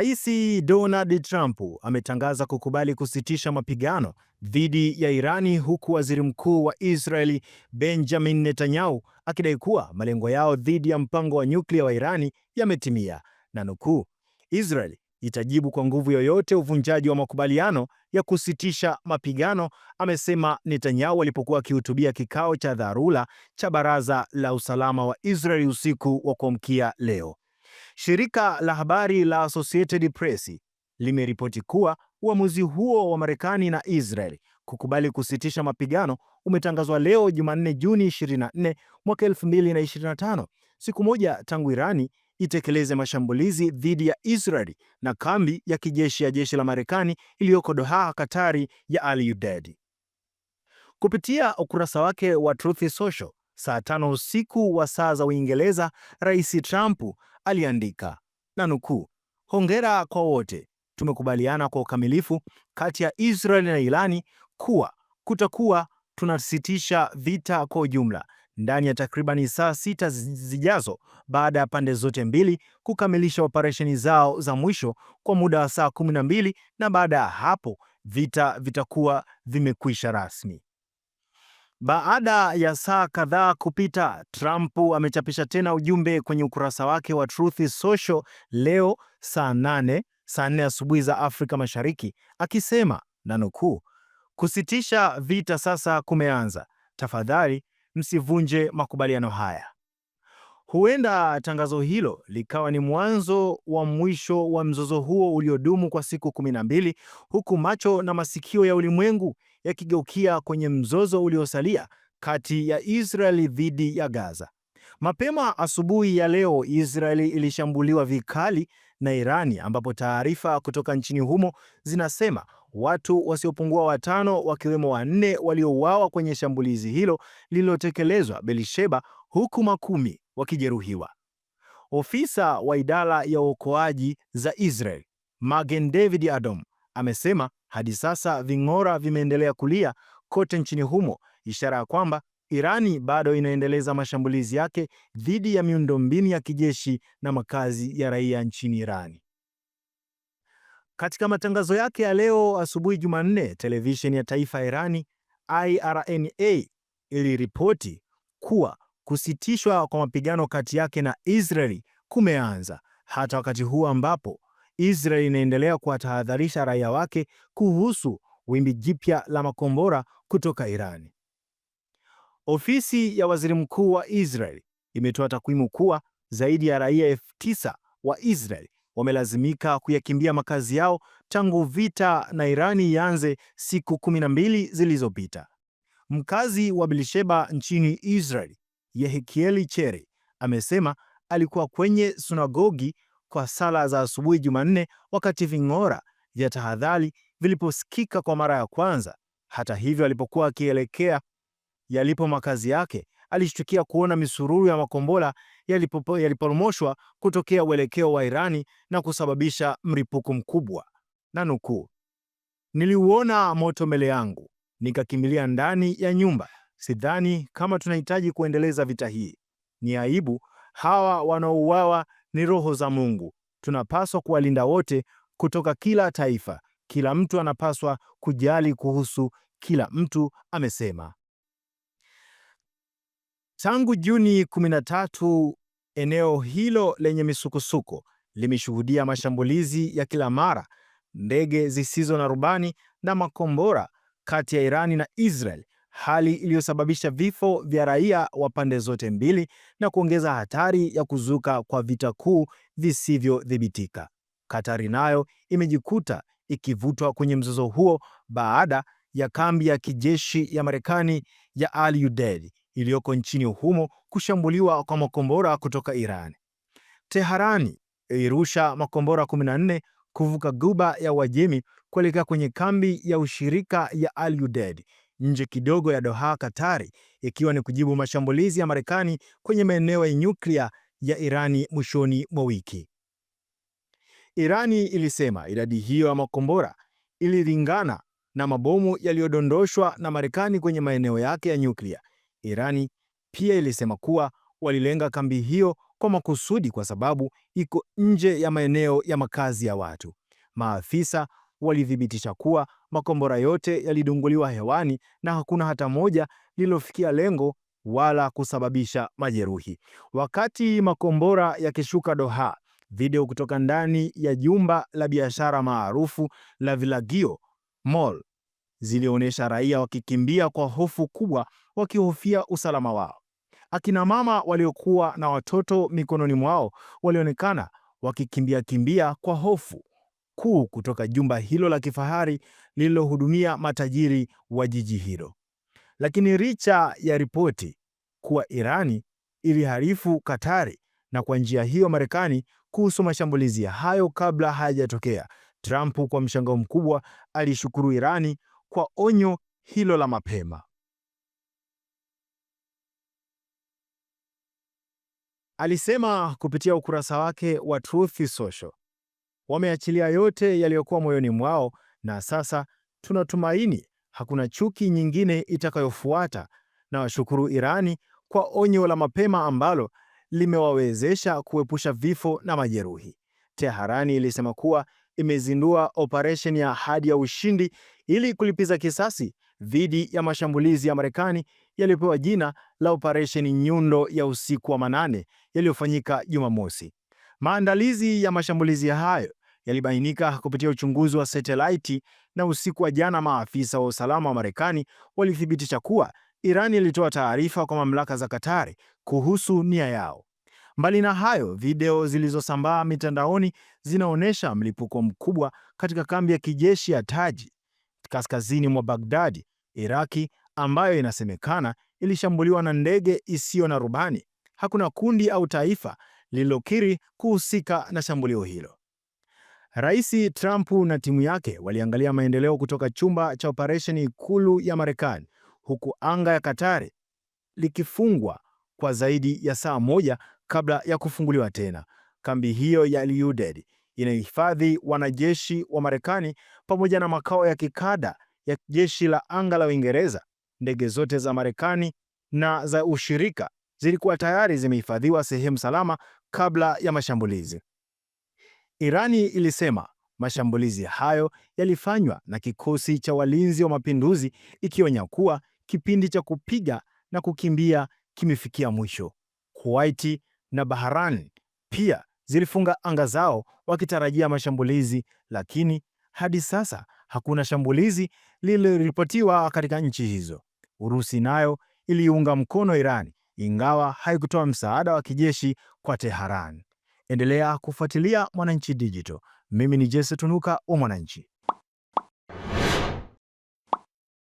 Rais Donald Trump ametangaza kukubali kusitisha mapigano dhidi ya Irani huku Waziri Mkuu wa Israeli Benjamin Netanyahu akidai kuwa malengo yao dhidi ya mpango wa nyuklia wa Irani yametimia. Na nukuu, Israel itajibu kwa nguvu yoyote uvunjaji wa makubaliano ya kusitisha mapigano, amesema Netanyahu alipokuwa akihutubia kikao cha dharura cha Baraza la Usalama wa Israeli usiku wa kuamkia leo. Shirika la habari la Associated Press limeripoti kuwa uamuzi huo wa Marekani na Israel kukubali kusitisha mapigano umetangazwa leo Jumanne, Juni 24 mwaka 2025, siku moja tangu Irani itekeleze mashambulizi dhidi ya Israel na kambi ya kijeshi ya jeshi la Marekani iliyoko Doha, Katari ya Al Udeid. Kupitia ukurasa wake wa Truth Social saa tano usiku wa saa za Uingereza, Rais Trump aliandika na nukuu, hongera kwa wote, tumekubaliana kwa ukamilifu kati ya Israeli na Irani kuwa kutakuwa tunasitisha vita kwa ujumla ndani ya takribani saa sita zijazo baada ya pande zote mbili kukamilisha operesheni zao za mwisho kwa muda wa saa 12 na baada ya hapo vita vitakuwa vimekwisha rasmi. Baada ya saa kadhaa kupita, Trump amechapisha tena ujumbe kwenye ukurasa wake wa Truth Social leo saa nane saa nne asubuhi za Afrika Mashariki akisema na nukuu, kusitisha vita sasa kumeanza, tafadhali msivunje makubaliano haya. Huenda tangazo hilo likawa ni mwanzo wa mwisho wa mzozo huo uliodumu kwa siku 12 huku macho na masikio ya ulimwengu yakigeukia kwenye mzozo uliosalia kati ya Israeli dhidi ya Gaza. Mapema asubuhi ya leo, Israeli ilishambuliwa vikali na Irani ambapo taarifa kutoka nchini humo zinasema watu wasiopungua watano wakiwemo wanne waliouawa kwenye shambulizi hilo lililotekelezwa Belisheba, huku makumi wakijeruhiwa. Ofisa wa idara ya uokoaji za Israel Magen David Adom Amesema hadi sasa ving'ora vimeendelea kulia kote nchini humo, ishara ya kwamba Irani bado inaendeleza mashambulizi yake dhidi ya miundombinu ya kijeshi na makazi ya raia nchini Irani. Katika matangazo yake ya leo asubuhi Jumanne, televisheni ya taifa ya Irani IRNA iliripoti kuwa kusitishwa kwa mapigano kati yake na Israeli kumeanza hata wakati huu ambapo Israel inaendelea kuwatahadharisha raia wake kuhusu wimbi jipya la makombora kutoka Irani. Ofisi ya Waziri Mkuu wa Israel imetoa takwimu kuwa zaidi ya raia elfu tisa wa Israel wamelazimika kuyakimbia makazi yao tangu vita na Irani ianze siku 12 zilizopita. Mkazi wa Bilisheba nchini Israel, yehekieli Cheri, amesema alikuwa kwenye sunagogi kwa sala za asubuhi Jumanne, wakati ving'ora vya tahadhari viliposikika kwa mara ya kwanza. Hata hivyo, alipokuwa akielekea yalipo makazi yake, alishtukia kuona misururu ya makombora yaliporomoshwa kutokea uelekeo wa Irani na kusababisha mlipuko mkubwa, na nukuu, niliuona moto mbele yangu, nikakimbilia ndani ya nyumba. Sidhani kama tunahitaji kuendeleza vita hii. Ni aibu hawa wanaouawa ni roho za Mungu. Tunapaswa kuwalinda wote kutoka kila taifa. Kila mtu anapaswa kujali kuhusu kila mtu, amesema. Tangu Juni 13, eneo hilo lenye misukosuko limeshuhudia mashambulizi ya kila mara, ndege zisizo na rubani na makombora kati ya Irani na Israel hali iliyosababisha vifo vya raia wa pande zote mbili na kuongeza hatari ya kuzuka kwa vita kuu visivyodhibitika. Katari nayo imejikuta ikivutwa kwenye mzozo huo baada ya kambi ya kijeshi ya Marekani ya Al Udeid iliyoko nchini humo kushambuliwa kwa makombora kutoka Iran. Teherani ilirusha makombora 14 kuvuka guba ya Uajemi kuelekea kwenye kambi ya ushirika ya Al Udeid nje kidogo ya Doha, Katari, ikiwa ni kujibu mashambulizi ya Marekani kwenye maeneo ya nyuklia ya Irani mwishoni mwa wiki. Irani ilisema idadi hiyo ya makombora ililingana na mabomu yaliyodondoshwa na Marekani kwenye maeneo yake ya nyuklia. Irani pia ilisema kuwa walilenga kambi hiyo kwa makusudi kwa sababu iko nje ya maeneo ya makazi ya watu. Maafisa walithibitisha kuwa makombora yote yalidunguliwa hewani na hakuna hata moja lililofikia lengo wala kusababisha majeruhi. Wakati makombora yakishuka Doha, video kutoka ndani ya jumba la biashara maarufu la Villaggio Mall zilionyesha raia wakikimbia kwa hofu kubwa, wakihofia usalama wao. Akina mama waliokuwa na watoto mikononi mwao walionekana wakikimbia kimbia kwa hofu, kuu kutoka jumba hilo la kifahari lililohudumia matajiri wa jiji hilo. Lakini licha ya ripoti kuwa Irani iliharifu Katari na kwa njia hiyo Marekani kuhusu mashambulizi hayo kabla hayajatokea, Trump kwa mshangao mkubwa alishukuru Irani kwa onyo hilo la mapema. Alisema kupitia ukurasa wake wa Truth Social wameachilia yote yaliyokuwa moyoni mwao, na sasa tunatumaini hakuna chuki nyingine itakayofuata, na washukuru Irani kwa onyo la mapema ambalo limewawezesha kuepusha vifo na majeruhi. Teherani ilisema kuwa imezindua operesheni ya Ahadi ya Ushindi ili kulipiza kisasi dhidi ya mashambulizi ya Marekani yaliyopewa jina la operesheni Nyundo ya Usiku wa Manane yaliyofanyika Jumamosi. Maandalizi ya mashambulizi hayo yalibainika kupitia uchunguzi wa satelaiti, na usiku wa jana maafisa wa usalama wa Marekani walithibitisha kuwa Iran ilitoa taarifa kwa mamlaka za Katari kuhusu nia yao. Mbali na hayo, video zilizosambaa mitandaoni zinaonyesha mlipuko mkubwa katika kambi ya kijeshi ya Taji kaskazini mwa Bagdadi, Iraki, ambayo inasemekana ilishambuliwa na ndege isiyo na rubani. Hakuna kundi au taifa lililokiri kuhusika na shambulio hilo. Rais Trump na timu yake waliangalia maendeleo kutoka chumba cha operesheni Ikulu ya Marekani, huku anga ya Katari likifungwa kwa zaidi ya saa moja kabla ya kufunguliwa tena. Kambi hiyo ya Al-Udeid inahifadhi wanajeshi wa Marekani pamoja na makao ya kikada ya jeshi la anga la Uingereza. Ndege zote za Marekani na za ushirika zilikuwa tayari zimehifadhiwa sehemu salama kabla ya mashambulizi. Irani ilisema mashambulizi hayo yalifanywa na kikosi cha walinzi wa mapinduzi, ikionya kuwa kipindi cha kupiga na kukimbia kimefikia mwisho. Kuwaiti na Bahrain pia zilifunga anga zao wakitarajia mashambulizi, lakini hadi sasa hakuna shambulizi lililoripotiwa katika nchi hizo. Urusi nayo iliunga mkono Irani ingawa haikutoa msaada wa kijeshi kwa Tehran. Endelea kufuatilia Mwananchi Digital. Mimi ni Jesse Tunuka wa Mwananchi.